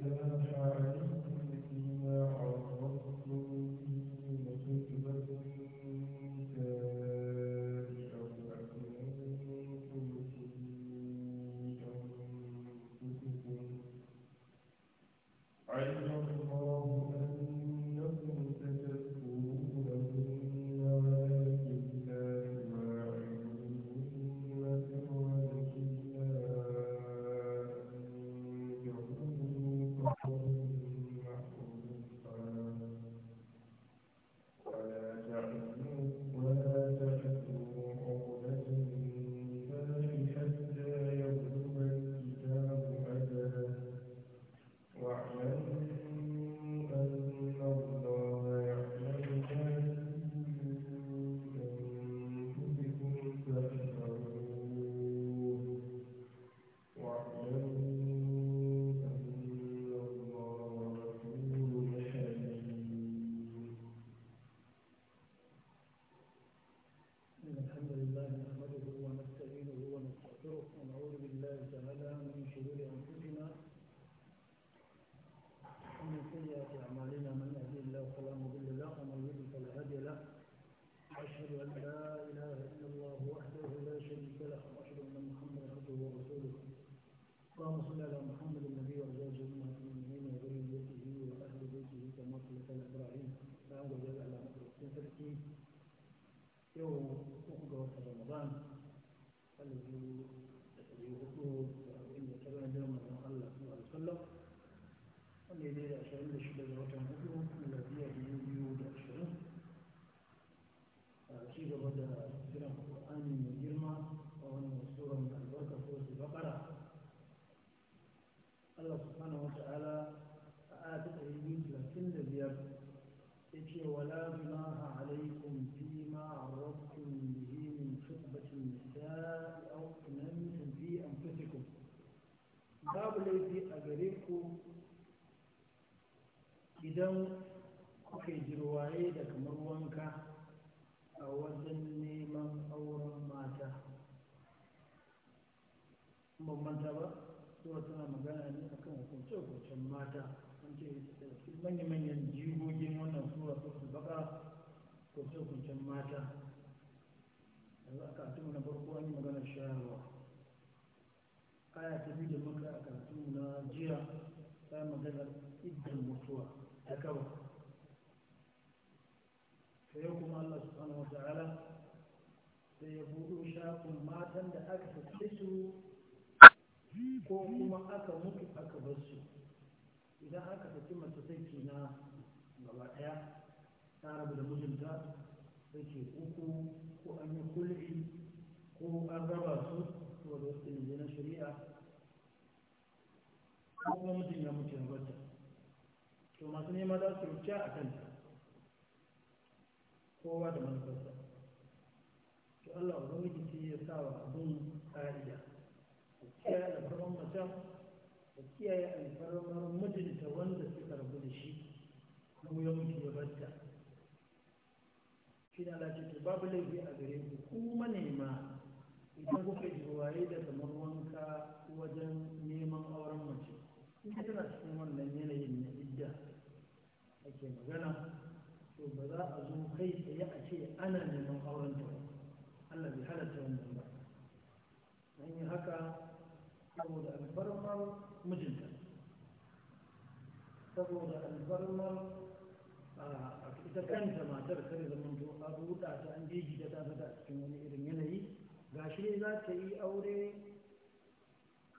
لا تعلمون yace wala junaha alaikum fi ma arrabtum bihi min khutbati nisaa aw anantum fi anfusikum babu laifi a gare ku idan kuka yi jirwaye da kamar wanka a wajen neman auren mata ban manta ba sura tana magana ne akan hukunce-hukuncen mata wanda manya manyan hukunce-hukuncen mata yanzu a karatunmu na farko an yi magana shayarwa aya ta biyu da muka a karatunmu na jiya ta magana idan mutuwa ta kawo ta yau kuma allah subhanahu wata ala sai ya buɗo shafin matan da aka sake su ko kuma aka mutu aka bar idan aka saki mace sai na gaba ɗaya ta rabu da mijinta ke uku ko an yi kul'i ko an raba su ko da wasu ilimi na shari'a ko kuma mutum ya mutu ya bata to masu nema za su rubuta a kanta kowa da manufarsa to Allah ubangiji sai ya sa wa abin kariya da kiyaye alfarman mutum da kiyaye alfarman mijinta wanda suka rabu da shi ko ya mutu ya bata shine da Allah ce babu laifi a gare ku ku manema idan kuka ji waye da kamar wanka wajen neman auren mace ka tana cikin wannan yanayin na idda ake magana to ba za a zo kai tsaye a ce ana neman auren ta Allah bai halatta wannan ba an yi haka saboda alfarmar mijinta saboda alfarmar ah, ita kanta matar kare zaman to a buɗa ta an je gida ta fada a cikin wani irin yanayi ga shi ne za ta yi aure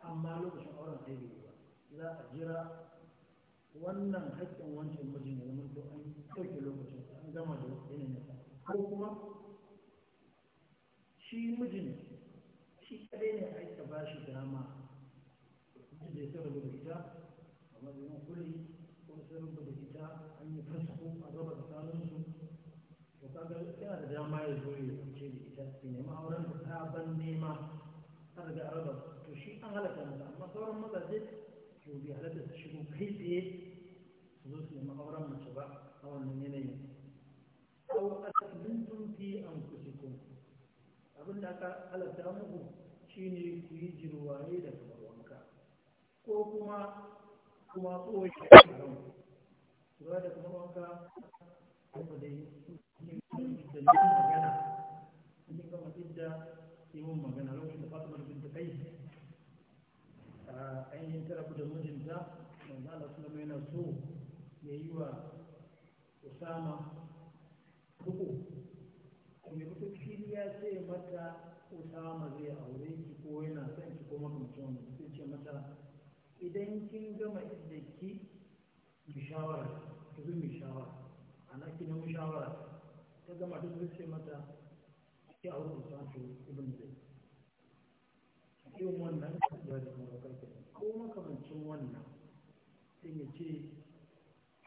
amma lokacin auren aiki ba za a jira wannan haƙƙin wancan mijin ne zama to an ɗauke lokacin an gama da yanayin sa ko kuma shi mijin shi kadai ne a aika ba shi dama da ya tsara da ita ya zo ya kuce da ita su nemi auren da ta ban nema har da araba to shi an halatta masa amma sauran mazaje to bai halatta su shigo kai tsaye su zo su nemi auren mace ba a wannan yanayin au asabintum fi anfusikum abin da aka halatta muku shine ku yi jirwaye da kamar wanka ko kuma kuma tsohon shi a kan da kamar wanka kuma dai da yin magana in ka mace da ke magana lokacin da fatima bin ta kai ainihin tara da mijinta manzo Allah sallama yana so ya yi wa Usama kuku kuma mutum fili ya ce mata Usama zai aure ki ko yana son ki ko makamancin wannan sai ce mata idan kin gama idda ki ki shawara ki zo mi shawara ana kina nemi shawara ta gama duk da ce mata ake auri usatu ibn zaid yin wannan kasuwa da mawakar kenan ko makamancin wannan sai ya ce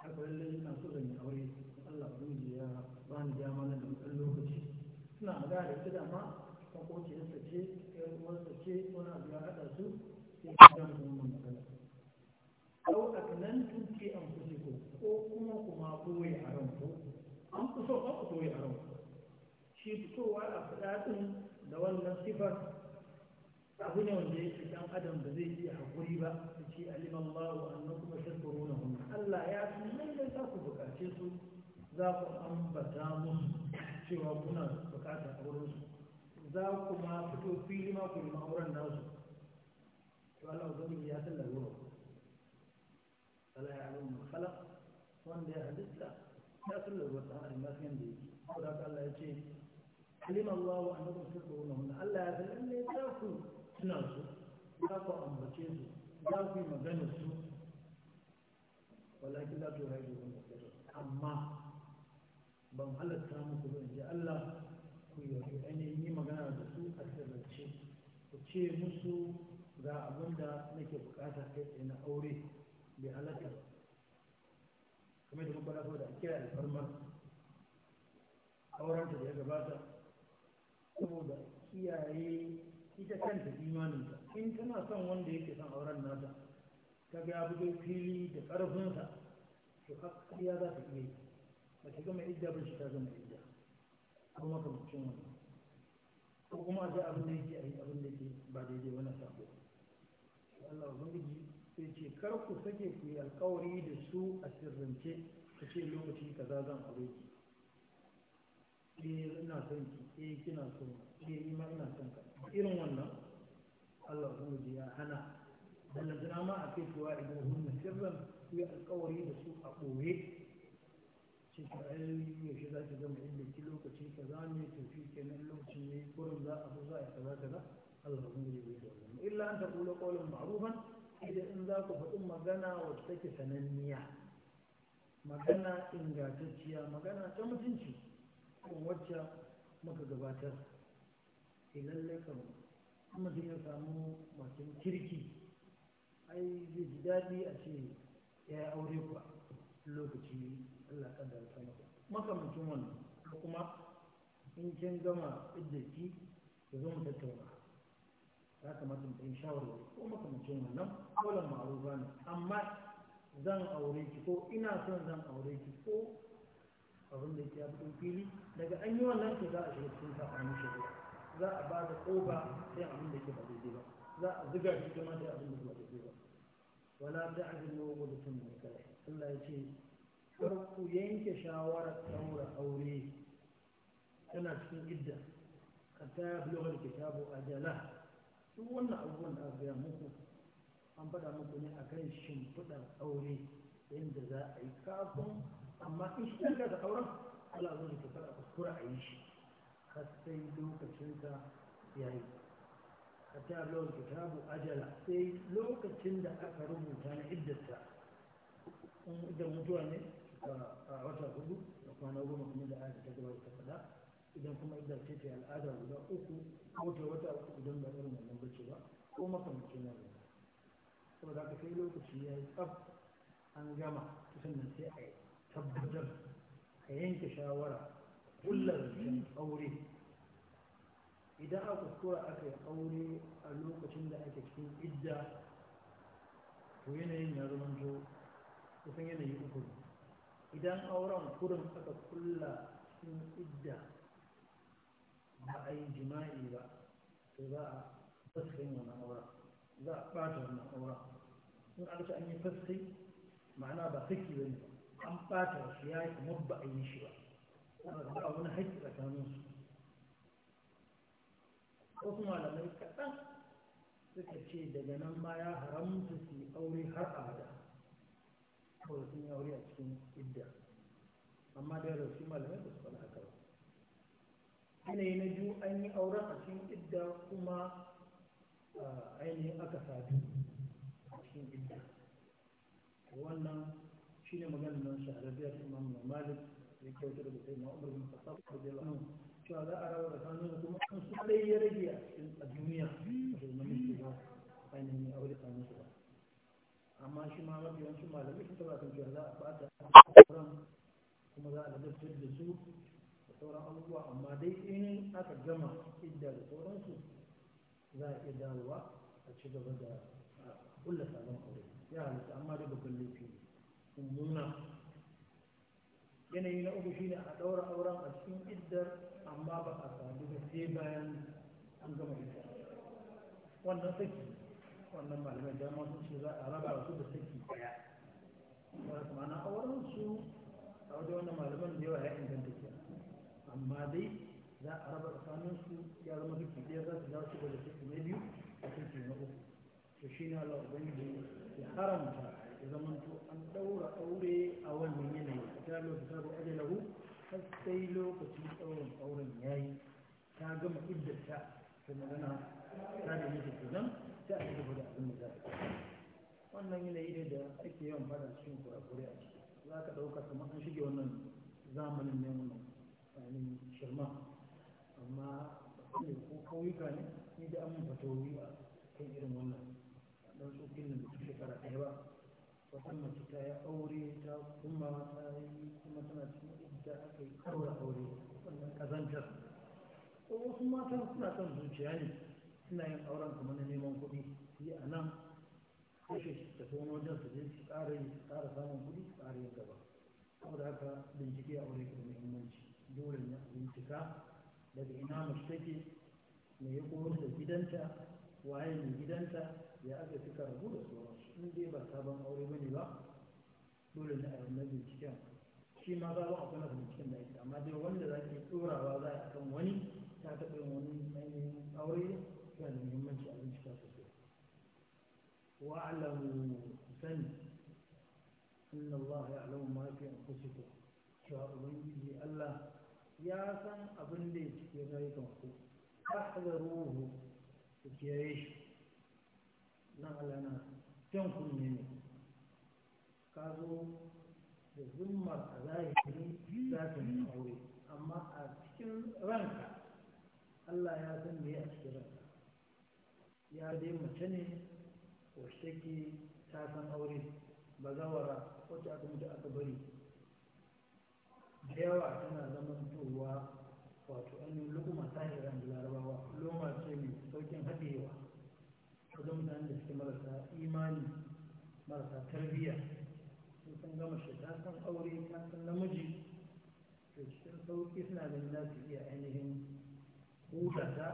haka lallai ina so zan yi aure Allah yi ya ba ni dama na dan lokaci suna magana da ma makociyarsa ce yar uwarsa ce wani abu ya haɗa su sai ya ga mutum mun magana au aknantum an anfusikum ko kuma kuma boye fitowa a koyi a shi fitowa a fadaɗin da wannan sifar abu ne wanda yake dan adam ba zai iya haƙuri ba ta ce alimallahu na hunna Allah ya san lallai za ku buƙace su za ku ambata musu cewa kuna buƙatar wurin su za ku ma fito fili ma ku yi auren nasu to Allah ubangiji ya san lalura Allah ya alimu khalaq wanda ya halitta ya sun da zuwa sa'ari masu yadda yake ko da haka Allah ya ce kalima Allah wa annakum tuquluna mun Allah ya san ne ta ku suna su ta ku ambace su ta ku yi magana su walakin la tuhayyidu amma ban halatta muku ban in ji Allah ku yi ainihin yi magana da su a sirrance ku ce musu ga abin da nake bukata kai na aure bai halatta kamar da muka rafa da kira alfarmar auren da ya gabata saboda kiyaye ita kanta imaninta in tana son wanda yake son auren nata ta ga ya fito fili da ƙarfinsa to ya za ta iya yi ba ta gama idda ba shi ta gama idda ko makamcin wani, ko kuma a abin da yake a yi abin da yake ba daidai wani sabo Allah ubangiji sai ce kar ku sake ku yi alkawari da su a sirrance ku ce lokaci kaza zan aure ki eh ina son ki eh kina so eh ni ma ina son ka irin wannan Allah ubangiji ya hana ballantana ma a kai kuwa idan hunna sirran ku yi alkawari da su a ɓoye ce ka ai yaushe za ki zama inda ki lokaci ka za ne to shi kenan lokacin ne kurin za a zo za a kaza kaza Allah ubangiji bai da wannan illa an taqulu qawlan ma'rufan idan in za ku faɗi magana wadda take sananniya magana ingantacciya magana ta mutunci kuma wacce muka gabatar sai eh, lallai kan mutum ya samu masu kirki ai zai ji daɗi a ce ya yi aure kuwa lokaci Allah kan da ta makamancin wannan kuma in kin gama iddaki ki zo mu tattauna ya kamata mu ɗan shawarwari ko makamancin wannan kolan ma'arufa ne amma zan aure ki ko ina son zan aure ki ko abin da ya fito fili daga an yi wannan to za a shiga cikin saɓanin shari'a za a ba da ƙoba sai abin da ke ba daidai ba za a zuga shi kuma da abin da ke ba daidai ba wala da ajin logo da tun mai kare Allah ya ce kar ku yanke shawarar ɗaura aure tana cikin idda ka ta biyo da kitabu ajala duk wannan abubuwan da gaya muku an faɗa muku ne a kan shimfiɗar aure yadda za a yi kafin amma in shi da auren Allah da ta fara kuskura a yi shi har sai lokacinsa ya yi lokacin ta bu ajala sai lokacin da aka rubuta na iddata in idan mutuwa ne a wata hudu da kwana goma kuma da aka ta gaba ta faɗa idan kuma idan ce ta al'ada guda uku ko ta wata uku idan ba irin wannan bace ba ko makamancin wannan saboda haka sai lokaci ya yi tsaf an gama sannan sai a tabbatar a yanke shawara kullar aure idan aka kura aka yi aure a lokacin da ake cikin idda to yanayin ya zama zo kusan yanayi uku idan auren kurin aka kulla cikin idda ba a yi jima'i ba to za a faskai wannan aura za a ɓata wannan aura in an ce an yi faskai ma'ana ba saki ba ne an ɓata shi ya yi mabba ba a yi shi ba ana da wani haƙƙi tsakanin su wasu malamai kaɗan suka ce daga nan ma ya haramta su yi aure har abada kawai sun yi aure a cikin idda amma da yawa su malamai ba su faɗa haka ba yanayi na biyu an yi auren a cikin idda kuma ainihin aka sadu a cikin idda wannan shi ne maganin nan shahararriyar imam na malik ya kyautar da sai ma'amur bin fasaf da jala'a cewa za a rawar hannun kuma an su ɗaya ya rage a cikin a duniya da zamanin shi ba ainihin aure tsakanin su ba amma shi ma mafi yawancin malamai sun taba kan cewa za a fata a kuma za a ladabtar da su sauran abubuwa amma dai in aka gama idda da sauransu za a iya dawowa a ci gaba da kulla sabon aure ya halitta amma da babban laifi mummuna yanayi na uku shine a ɗaura auren a cikin iddar amma ba a sadu ba sai bayan an gama idda wannan saki wannan malamai dama sun ce za a raba su da saki daya ba su ma'ana auren su a wajen wannan malaman da yawa ya inganta ke amma dai za a raba tsakanin su ya zama duki ɗaya za su za su gwada su na biyu a kirki na uku to shi ne Allah ubangiji ya haramta ya zama to an ɗaura aure a wannan yanayi a ta lokacin da aje lahu har sai lokacin ɗaurin auren ya yi ta gama iddata ta magana ta da yake kenan ta a gaba abin da za wannan yanayi ne da ake yawan fada cikin kurakure a ciki za ka ɗauka kamar an shige wannan zamanin ne Wani shirma amma da ko kauyuka ne ni da an fatowi a kan irin wannan dan tsokin nan da ta shekara ɗaya ba wata mace ta yi aure ta kuma ta yi kuma tana cikin idda aka yi kawai aure wannan kazantar ko wasu matan suna son zuciya ne suna yin auren kamar na neman kuɗi yi a nan kashe shi tafi wani wajen su je su ƙara yi su ƙara samun kuɗi su ƙara yin gaba saboda haka bincike a aure kuma dole a bincika daga ina mace take me ya kuma da gidanta waye ne gidanta ya aka suka rabu da sauransu in dai ba sabon aure bane ba dole ne a na binciken shi ma za a kuna binciken da ake amma dai wanda za ki tsorawa za a kan wani ta taɓa yin wani ainihin aure yana da muhimmanci a bincika sosai alamu sani inna Allah alamu ma fi anfusikum cewa ubangiji Allah ya san abin da ya cike na yi kanku tahzaruhu kiyaye shi nan alana na kunne ne ka zo da zummar a zahiri za ta yi aure amma a cikin ranka Allah ya san me a cikin ranka ya dai mace ne ko take ta san aure ba zawara wata aka mutu aka bari da yawa tana zamantowa wato ainihin lukuma tahiran da larabawa loma ce mai saukin haɗewa wajen mutane da suke marasa imani marasa tarbiyya sun san gama shiga san aure ta san namiji to cikin sauƙi suna ganin za su iya ainihin huta ta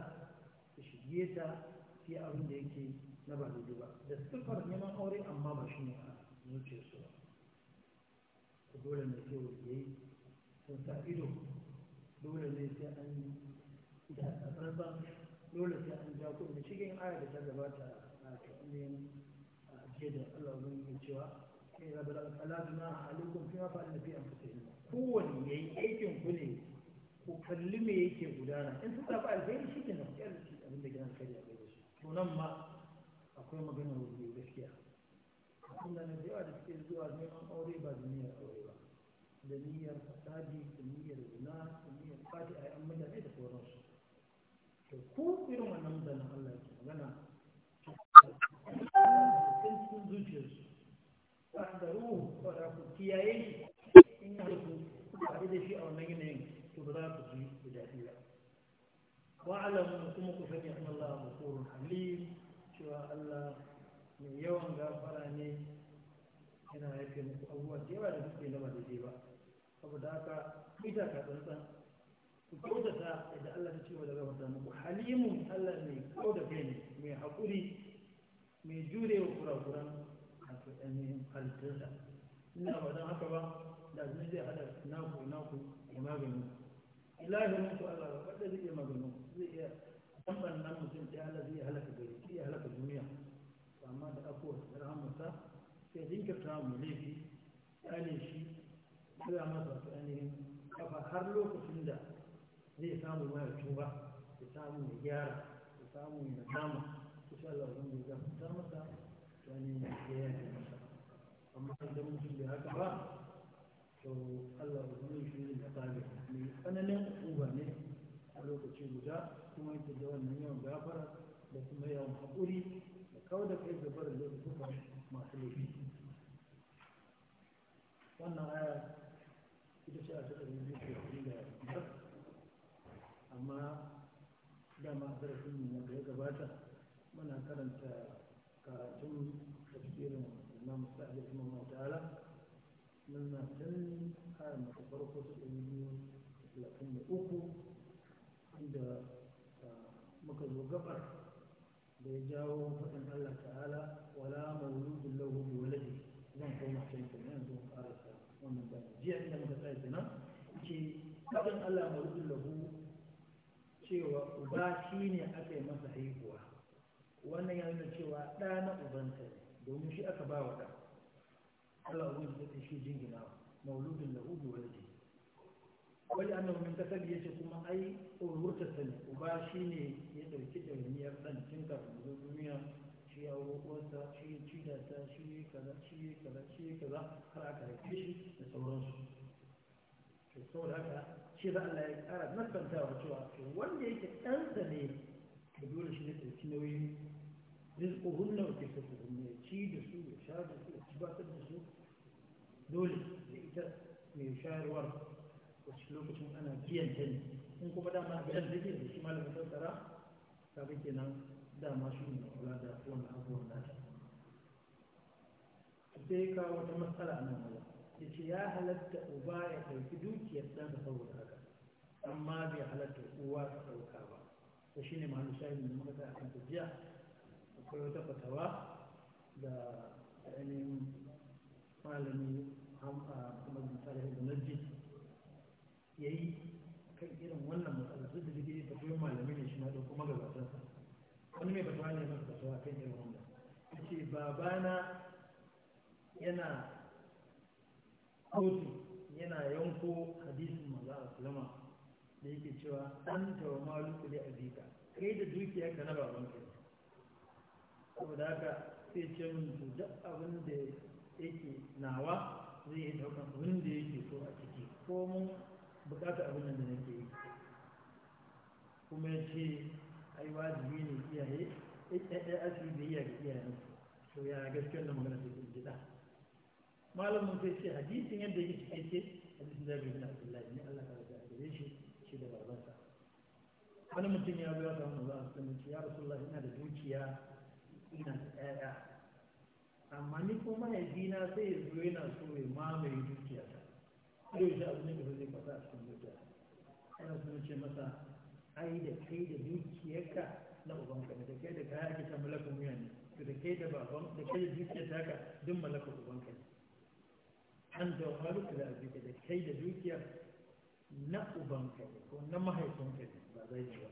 shige ta su abin da yake na ba daidai ba da siffar neman aure amma ba shi ne a zuciyarsu ba dole ne sai wanda yi sun ido dole ne sai an da tsarba dole sai an ja kuɗi cikin aya da ta gabata a cikin a ce da Allah wani ya cewa kai rabu da alƙala na alaikum fi ma fa'alna fi anfusihim kowanne yayi aikin ku ne ku kalli me yake gudana in suka ba alheri shi kenan sai shi abin da gidan kai ya shi to nan ma akwai maganar wuri gaskiya kuma ne da yawa da suke zuwa an aure ba duniyar aure da niyyar fasadi da niyyar zina da niyyar fadi a yan mutane da sauransu to ko irin wannan zanen Allah ke magana cikin sun zuciyarsu su. ba za ku kiyaye shi in har ku da shi a wannan yanayin to ba za ku ji da daɗi ba wa'alamu kuma ku sani an Allah ghafurun halim cewa Allah mai yawan gafara ne yana yafe abubuwa da yawa da kuke na ba daidai ba saboda haka ita ka tsantsan ku kyautata idan Allah ta ce wa daga wata muku halimun Allah ne kauda kai ne mai haƙuri mai jure wa kurakuran ainihin halittarsa ina ba don haka ba da zai zai hada naku naku ya magani ilahi muku Allah ba wadda zai iya magani zai iya tambar nan mutum ɗaya Allah zai halaka gari zai halaka duniya amma da afuwa da rahamarsa sai jinkirta mu laifi ne shi tura masa wasu kafa har lokacin da zai samu mara tuba da samu ya gyara da samu ya dama kusa Allah wani da zama ta masa da ya yaje masa amma idan mutum da haka ba to Allah zai shi ne da tsari mai tsananin uba ne a lokaci guda kuma yake da wannan yawan gafara da kuma yawan haƙuri da kawai da kai gabar da zai masu laifi wannan aya ita ce a ta ɗari biyu da da biyar amma dama a zarafin na gaya gabata muna karanta karatun tafsirin imam sa'ad ibn ta'ala Muna na tun har mata farko ta ɗari biyu da talatin da uku inda ah, muka zo gabar da ya jawo faɗin Allah ta'ala wala maulu fadin Allah mulkin lahu cewa uba shi ne aka yi masa haihuwa wannan ya nuna cewa ɗa na ubanta domin shi aka ba wa ɗa Allah wani da ta shi jingina mauludin lahu bi wani annabi min kasar ya ce kuma ai ta sani uba shi ne ya ɗauki ɗauniyar ɗan tun kafin zo duniya shi ya sa, shi ya ta shi ya kaza shi ya kaza shi ya kaza har aka haifi shi da sauransu to saboda haka shi da Allah ya ƙara nasantawa cewa wanda yake ɗansa ne da dole shi ne ɗauki nauyin hunna wa ke hunna ya ci da su ya sha da su ya ci ta da su dole da ita mai shayarwar cikin lokacin ana biyan ta ne in kuma dama biyan da ke da shi malamin tattara kaga kenan dama shi ne kula da wannan abubuwan nata sai kawo wata matsala nan ya ce ya halatta uba ya ɗauki dukiyar ɗansa saboda amma bai halatta uwa ta ɗauka ba to shi ne mahallu shahin da muka a kan tajiya akwai wata fatawa da ainihin malami kuma da misali da najji ya yi kan irin wannan matsalar duk da duk da fatoyin malami ne shi ma da kuma sa wani mai fatawa ne masa fatawa kan irin wannan ya ce babana yana kotu yana yanko hadisin maza a sulama da yake cewa an tawa ku da abika kai da dukiya ka na baban ka saboda haka sai ce mun to duk abin da yake nawa zai iya daukan abin da yake so a ciki ko mun bukata abin nan da nake yi kuma ya ce ai wajibi ne iyaye ɗaya asiri da iyaye iyayen to ya gaskiyar da magana ta kun jida malamin sai ce hadisin yadda yake cike ce hadisin zabi na abdullahi ne allah ka raja a gare shi shi da barbarsa wani mutum ya biya samun zuwa su sami ya rasu Allah ina da dukiya ina da ɗaya amma ni ko mahaifina sai ya zo yana so ya mamaye dukiya ta ko shi abu ne da zai fasa a cikin dukiya ana so ce masa ai da kai da dukiyarka na ka da kai da kaya ake ta mulaka wuya ne to da kai da baban da kai da ta ka duk malakar ubanka ne an da wani da da kai da dukiyar na ubanka ko na mahaifinka ba zai yi ba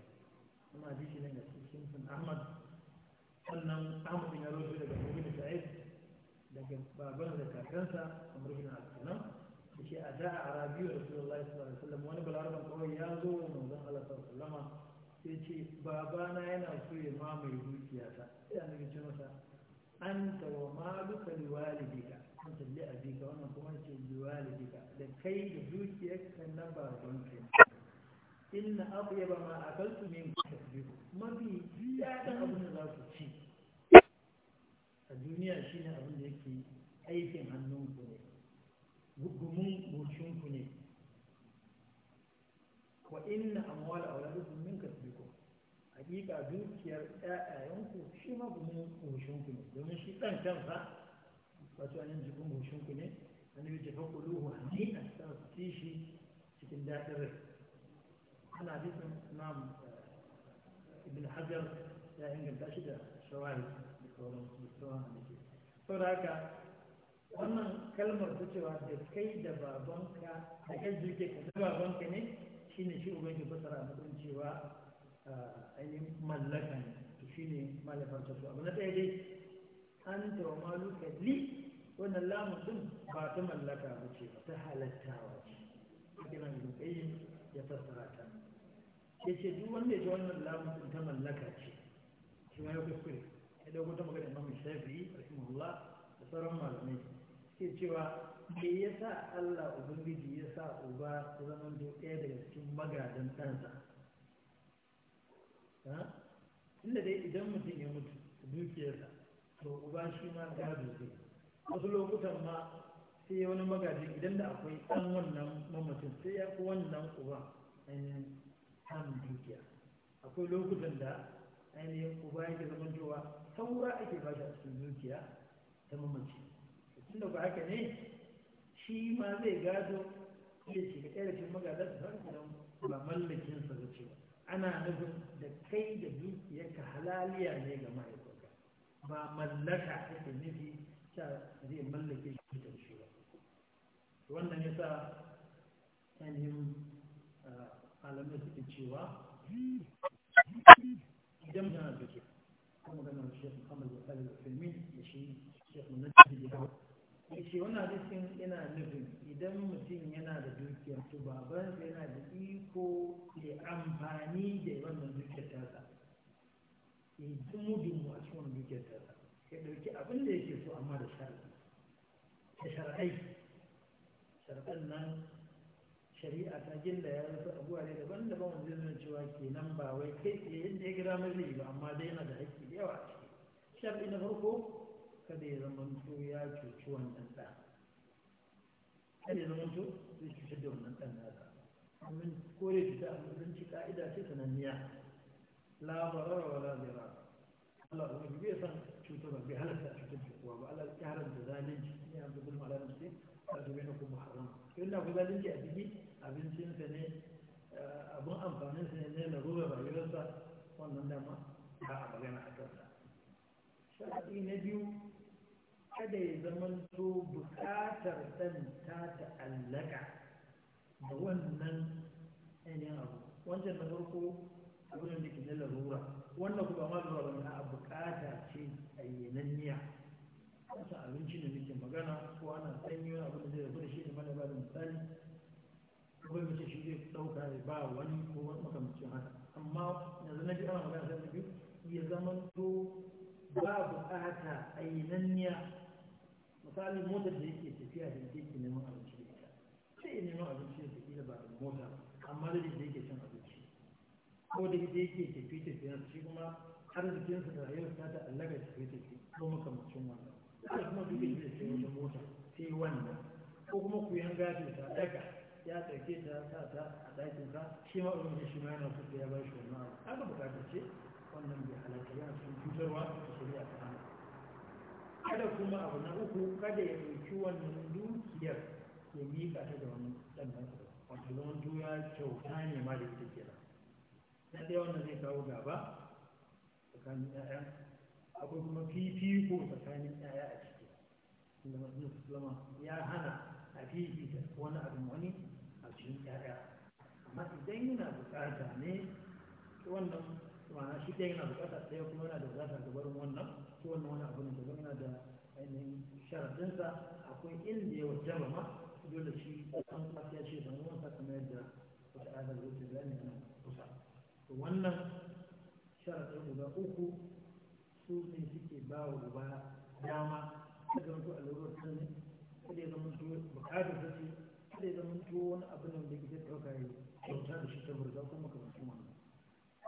kuma hadisi ne ga cikin sun ahmad sannan ahmad ya rubuta daga ibn sa'id daga baban da kakansa amr ibn al-salam yace a da arabiyu rasulullahi sallallahu alaihi wasallam wani balarban kawai ya zo wa mazan alasar alaihi wasallam sai ce babana yana so ya mamaye dukiyata sai annabi ce masa anta wa maluka an anta a abika wannan kuma ce liwali liwalidika da kai da dukiyar nan ba ruwan kai inna abu yaba ma a ne, min tasbihu mafi daɗin abin da za ku ci a duniya shi ne abin da yake aikin hannunku ne gugumin goshinku ne wa inna amwala auladukum min kasbikum hakika dukiyar ƴaƴayenku shi ma gumin ku ne domin shi ɗan kansa wato anan jikin goshinku ne annabi ce fakuluhu hani'an sa ku ci shi cikin daɗin rai ana hadisin imam eh, ibn hajar ya inganta shi da shawari da da sauran hadisi saboda haka wannan kalmar ta cewa da kai da babanka da kai ka da babanka ne shine shi ubangiji fasara a matsayin cewa eh, ainihin mallaka ne to shine malafar ta so abu na ɗaya dai an tawa maluka li wannan lamun din ba ta mallaka ba ce ba ta halattawa ce ibn al ya fassara ta ce duk wanda ya ce wannan lamun din ta mallaka ce shi ma ya kuskure ya dauko ta magana Imam Shafi'i rahimahullah da sauran malamai ke cewa me yasa Allah ubangiji ya sa uba ta zama ɗaya daga cikin magadan ɗansa inda dai idan mutum ya mutu dukiyarsa to uba shi ma gado zai wasu lokutan ma sai wani magaji idan da akwai ɗan wannan mamacin sai ya fi wannan uba, ainihin samun dukiya akwai lokutan da ainihin uba yake zaman cewa saura ake ba shi a cikin dukiya ta mamaci tun da ba haka ne shi ma zai gado ya ce ka ɗaya da cikin magajin da zaka don ba mallakin sa da cewa ana nufin da kai da ka halaliya ne ga ma'aikata. ba mallaka ake nufi zai mallake shi da shi ba wannan ya sa ainihin alamai suke cewa idan yana da ke kuma gana da shi muhammad ya tsari da filmi da shi shi shekh munajji da yawa ya ce wani hadisin yana nufin idan mutum yana da dukiyar to babansa yana da iko ya amfani da wannan dukiyar tasa ya yi mudin a cikin dukiyar tasa ya ɗauki abin da yake so amma da shari'a. da shari'a sharaɗan nan shari'a ta gilla ya rufe abuwa ne daban-daban wanda zai cewa nan ba wai kai tsaye yadda ya gira mai ba amma dai yana da haƙƙi da yawa a ciki na farko kada ya zama to ya cuci wannan ɗan kada ya zama to zai cuci da wannan ɗan nasa domin kore cuta a mutunci ka'ida ce sananniya labarar wa labarar Allah ya san cutarwa bai halatta a cutar da kowa ba Allah ya haramta zalunci ne a gudun ala nafsi ta zama na kuma haram yau da ku zalunci a ciki abincinsa ne eh, abin amfaninsa ne na larurar rayuwarsa wannan dama ba a magana a kansa sharaɗi na biyu kada ya zamanto buƙatar ɗan ta ta'allaka da wannan ainihin abu wancan na farko abin da ke na larura wannan kuma ma zuwa wani a bukata ce ayyananniya wata abinci ne muke magana ko ana sanyi wani abu da zai rabu shi ne mana ba da misali kuma bai mace shi zai ɗauka ya ba wani ko wani makamcin haka amma yanzu na ji ana magana sai na biyu ya zama to ba buƙata ayyananniya misali motar da yake tafiya da yake neman abinci da ita sai neman abinci da ita ba da mota amma da yake cin abinci ko da yake tafiya tafiya shi kuma arzikinsa da rayuwarsa ta allaka da kai take ko makamacin wannan ko kuma duk da zai sai wata mota sai wannan ko kuma ku yan gafe ta daga ya ɗauke ta sa ta a ɗakin sa shi ma ubangiji shi ma yana kuka ya ba shi wannan abu haka bukata ce wannan bai halatta yana cikin cutarwa da shari'a ta hana kada kuma abu na uku kada ya ɗauki wannan dukiyar ya miƙa ta da wani ɗan nasa wato zaman juya kyauta ne ma da ita kenan na ɗaya wannan zai kawo gaba tsakanin ƴaƴa abu kuma fifiko tsakanin ƴaƴa a ciki inda mazmun islama ya hana a fifita wani abu wani a cikin ƴaƴa amma idan yana bukata ne wannan ma'ana shi ɗaya yana bukata ɗaya kuma yana da bukata ga barin wannan ko wannan wani abu ne da yana da ainihin sharadinsa akwai inda ya wajen ma dole shi an kwafiya ce da wani wasa kamar yadda wata adar da da ne kusa to wannan sharaɗin guda uku su ne suke ba wa uba dama kada wato allurar kan ne kada ya zama to bukatar ta ce kada ya zama to wani abu nan da ke ɗauka ya kyauta da shi ta burza kuma kamar su wani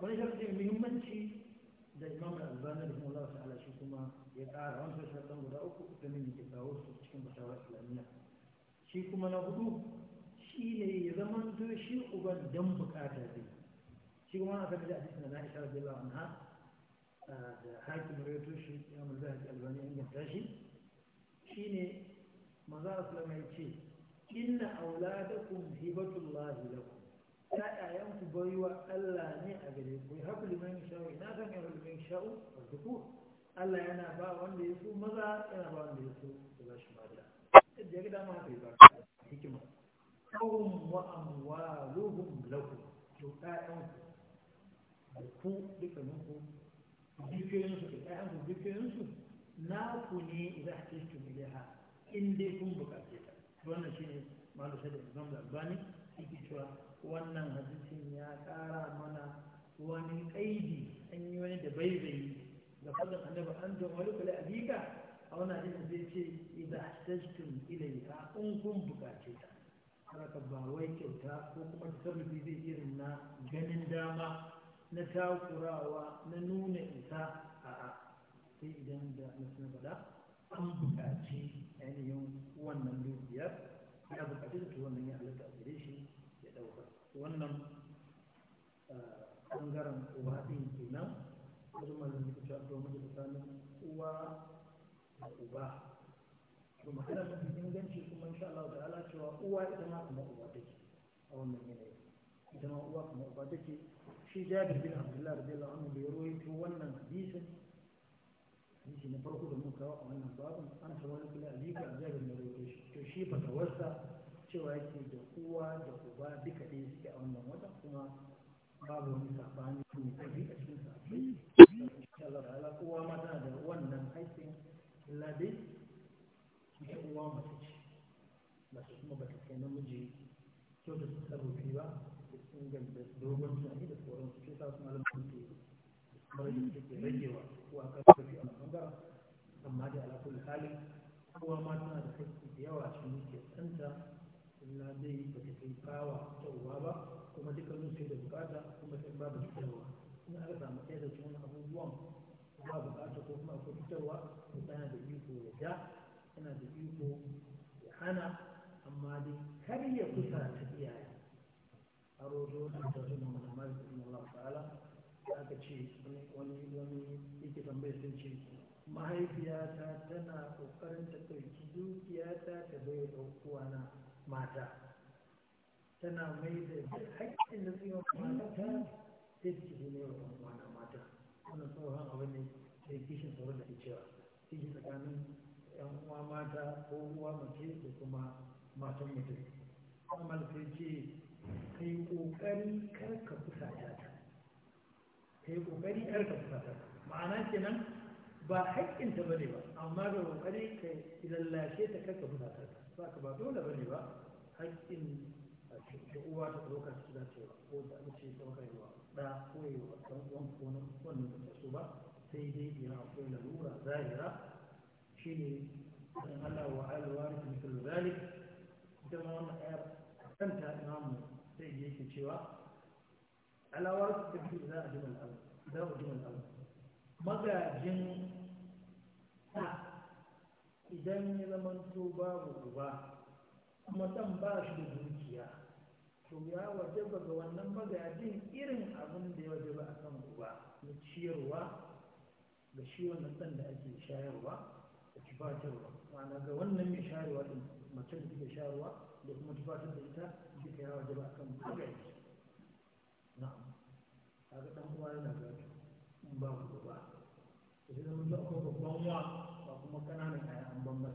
wani sharaɗin muhimmanci da imam al-albani da kuma Allah ta'ala shi kuma ya ƙara wani sharaɗin guda uku da ne ke kawo su cikin fatawa islamiyya shi kuma na hudu shi ne ya zama to shi uban dan bukata zai shi kuma aka fi da hadisin da Aisha radiyallahu anha da hakim rawaito shi ya mulza da albani inganta shi shine manzo sallama ya ce inna auladakum hibatullahi lakum ta'ayanku baiwa Allah ne a gare ku habu liman sha'u ina kan ya liman Allah yana ba wanda ya so maza yana ba wanda ya so ya ba shi mata yadda ya ga dama haka ya ba hikima qawm wa amwaluhum lakum to da ku dukkanin ku dukiyoyinsu da ƴaƴanku dukiyoyinsu na ku ne idan ake tumiliha in dai kun bukace ta wannan shine malu sai da zan da albani cewa wannan hadisin ya ƙara mana wani ƙaidi an yi wani da bai ga fadin annabi an don wani kula abika a wannan hadisin zai ce idan hashtun ilaiha in kun bukace ta haka ba wai kyauta ko kuma tasarrufi zai irin na ganin dama na takurawa na nuna isa a sai idan da na faɗa an buƙaci ainihin wannan dukiyar ya buƙaci da wannan ya halatta a gare shi ya ɗauka wannan ah, ɓangaren uwa ɗin kenan wasu mazan da cewa to mace tsakanin uwa da uba to magana mafi inganci kuma insha Allah ta'ala cewa uwa ita ma kuma uba take a wannan yanayi ita ma uwa kuma uba take shi jabir bin abdullahi radiyallahu anhu rawaito wannan hadisin hadisi na farko da muka kawo a wannan babin an ta wani kula alika a jabir rawaito shi to shi wasa cewa yake da uwa da uba duka ɗaya suke a wannan wata kuma babu wani mai a cikin Allah ta'ala uwa da wannan haƙƙin illa kai namiji kyau da su ba da dogon sa su da ke ragewa ko a a bangaren amma dai ala kowa ma tana da haƙƙi da yawa cikin ke tsanta na dai ba ta kai kawa kyauwa ba kuma dukkanin sai da bukata kuma sai babu fitarwa in aka samu ɗaya da cikin abubuwan ba bukata ko kuma akwai fitarwa to tana da iko ya ja tana da iko ya hana amma dai kar ya kusa ta iyaye a rozo da ta zama da ta'ala aka ce wani wani yake tambayar sun ce mahaifiyata tana kokarin ta ɗauki dukiyata ta bai ɗaukuwa na mata tana mai da haƙƙin da tsayon mata ta sai ta ce ne wa mata mata wannan tsohon abin ne da kishin tsoron da ke cewa kishi tsakanin yan uwa mata ko uwa mace da kuma matan mutum amma sai ce kai ƙoƙari kar ka kusa ta. ta yi ƙoƙari yar ka ma'ana kenan ba haƙƙinta ta bane ba amma ga ƙoƙari ka lallashe ta karka suna ta ba ka ba dole ba ne ba haƙƙin da uwa ta ɗauka su da cewa ko da mace ta ɗauka yawa ɗa ko yawa ɗan uwan ko wannan ba su ba sai dai yana akwai lalura zahira shi ne dan Allah wa alwari misal zalik ita ma wannan ayar kanta imamu sai yake cewa alawar su tafi za a jiban abu za a jiban abu magajin ta idan ya zamanto babu uba kuma san ba shi da dukiya to ya waje ba ga wannan magajin irin abin da ya waje ba a kan uba na ciyarwa ga shi wannan san da ake shayarwa da tufatarwa ma'ana ga wannan mai shayarwa din mace da take shayarwa da kuma tufatar da ita duka ya waje ba a kan magaji kuma yana gado in ba mu ba to sai zama da akwai babban wa ba kuma kananan kayan an ban ba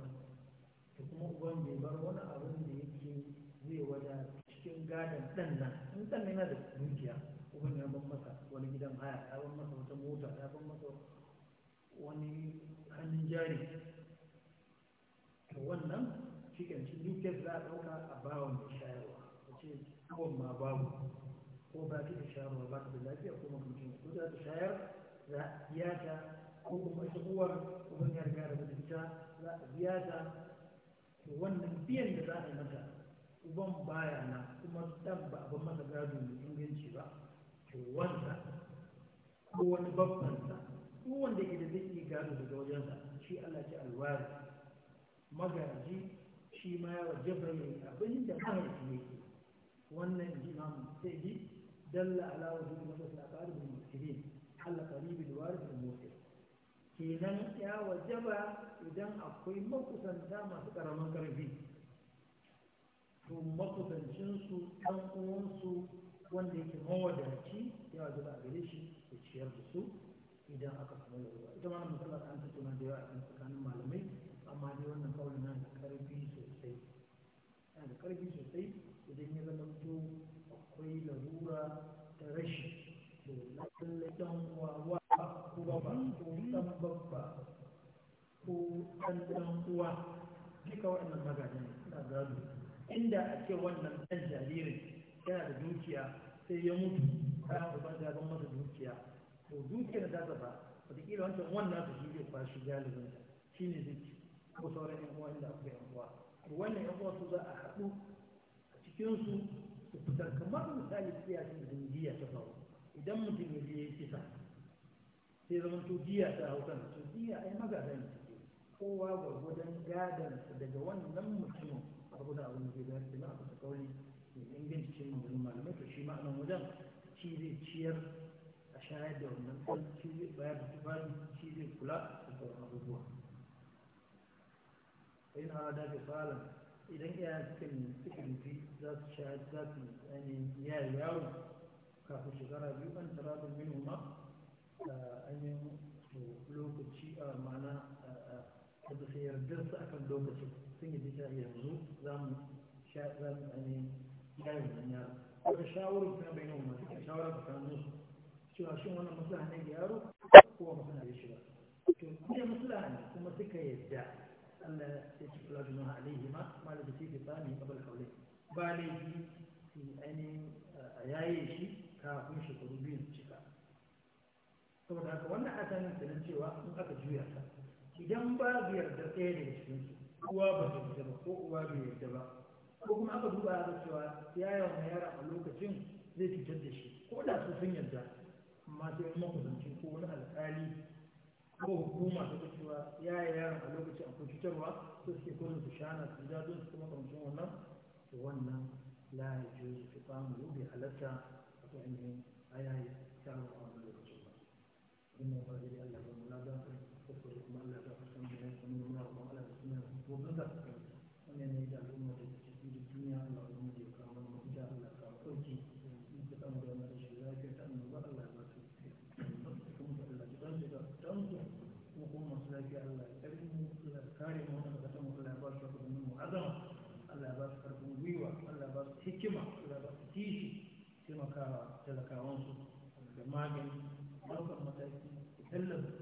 to kuma uban bai bar wani abu da yake zai wada cikin gadon ɗan nan in ne yana da dukiya uban ya ban masa wani gidan haya ya ban masa wata mota ya ban masa wani hannun jari to wannan shi kan ci dukiyar za a dauka a bawan mai shayarwa ko ce ma babu ko ba ki da shayarwa ba ka da lafiya ko maka ita za ta shayar za a biya ta ko kuma ita uwar uban ya riga da ita za biya ta to wannan biyan da za a yi mata uban baya na kuma dan ba a masa gado mai inganci ba to wanda ko wani babbansa ko wanda ke da zai iya gado daga wajensa shi Allah ce alwari magaji shi ma ya waje ba yi abin da mahaifi yake wannan ji mamu sai ji dalla ala wajen da masu labarin المسلمين على قريب الوارث الموسم kenan ya wajaba idan akwai makusanta masu karamin karfi to makusancinsu ɗan uwansu wanda yake mawadaci ya wajaba a gare shi da ciyar da idan aka samu yawwa ita ma musamman an tattauna da yawa a tsakanin malamai amma dai wannan kawai na da karfi sosai idan ya zama to akwai larura ta rashi dan wawa ko baba ko babba ko dan dan uwa duka waɗannan magajen suna gado inda a ce wannan ɗan jaririn yana da dukiya sai ya mutu ya uban da masa dukiya to dukiyar da ta ba wataƙila wancan wannan su shi zai kwashi galibin shi ne zai ci ko sauran yan uwa inda akwai yan uwa to wannan yan uwa su za a haɗu a cikinsu su fitar kamar misali siyasin da ta faru idan mutum ya je kisa sai zama to jiya ta hau to jiya ai magaza ne kowa gwargwadon gadansa daga wannan mutumin gwargwadon abin da zai gani da ma'a kusa kawai mai inganci cin magurin malamai to shi ma'anar wajen shi zai ciyar a shayar da wannan ɗan shi zai bayar da tufafi shi zai kula da sauran abubuwa sai na hada da falon idan iyayen suka nufi za su shayar za su yi yawon kafin shekara biyu an tara da minu ma ainihin lokaci a mana da bisa yardar su akan lokaci sun yi ta yanzu za mu sha za mu ainihin yayin nan yaro wata shawarar ta bai nan a shawarar ta kanu cewa shi wannan maslaha ne ga yaro ko ba maslaha ne shi ba to kuma maslaha kuma suka yadda Allah ya ci kula da nuna alaihi ma malamin da ke fi tsani kaulai ba laifi ainihin a yaye shi tara kuma shekaru biyu su cika saboda haka wannan asalin kenan cewa in aka juya ta idan bi yarda ɗaya daga cikin su uwa ba ta yarda ba ko uwa bai yarda ba ko kuma aka duba aka cewa ya yawan yara a lokacin zai cutar da shi ko da su sun yarda amma sai wani makusanci ko wani alƙali ko hukuma ta cewa ya yi yaron a lokacin akwai cutarwa ko suke kodin su shana su ja don su kuma kamshin wannan wannan la ya juzu su samu bai halatta وإني أنا كانوا أمر الله إنه قد الله taimaka talakawansu da magani ɗaukar mataki da tallafa